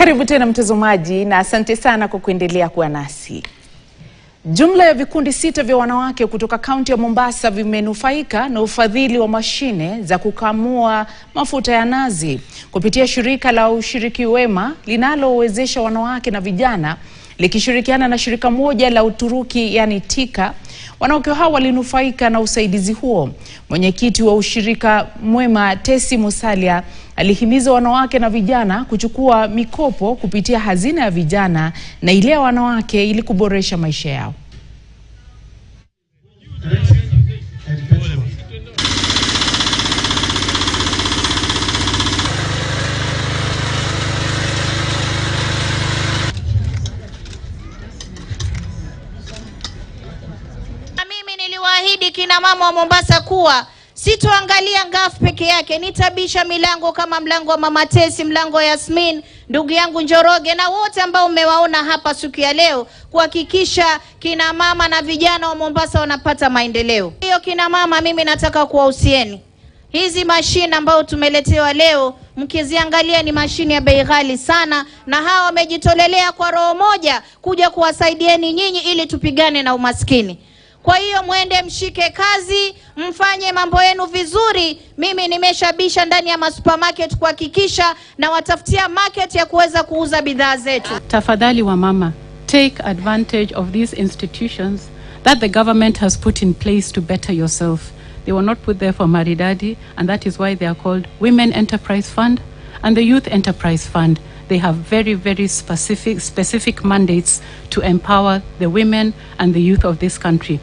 Karibu tena mtazamaji, na asante sana kwa kuendelea kuwa nasi. Jumla ya vikundi sita vya wanawake kutoka kaunti ya Mombasa vimenufaika na ufadhili wa mashine za kukamua mafuta ya nazi kupitia shirika la Ushiriki Wema linalowezesha wanawake na vijana likishirikiana na shirika moja la Uturuki yani TIKA Wanawake hao walinufaika na usaidizi huo. Mwenyekiti wa ushirika mwema Tesi Musalia alihimiza wanawake na vijana kuchukua mikopo kupitia hazina ya vijana na ile ya wanawake ili kuboresha maisha yao. waahidi kina mama wa Mombasa kuwa sitoangalia ngafu peke yake, nitabisha milango kama mlango wa Mama Tesi, mlango wa Yasmin, ndugu yangu Njoroge na wote ambao umewaona hapa siku ya leo, kuhakikisha kina mama na vijana wa Mombasa wanapata maendeleo. Hiyo kina mama, mimi nataka kuwahusieni hizi mashine ambayo tumeletewa leo, mkiziangalia ni mashine ya bei ghali sana, na hawa wamejitolelea kwa roho moja kuja kuwasaidieni nyinyi ili tupigane na umaskini. Kwa hiyo mwende mshike kazi, mfanye mambo yenu vizuri. Mimi nimeshabisha ndani ya masupermarket kuhakikisha na watafutia market ya kuweza kuuza bidhaa zetu. Tafadhali wa mama, take advantage of these institutions that the government has put in place to better yourself. They were not put there for maridadi and that is why they are called Women Enterprise Fund and the Youth Enterprise Fund. They have very, very specific, specific mandates to empower the women and the youth of this country.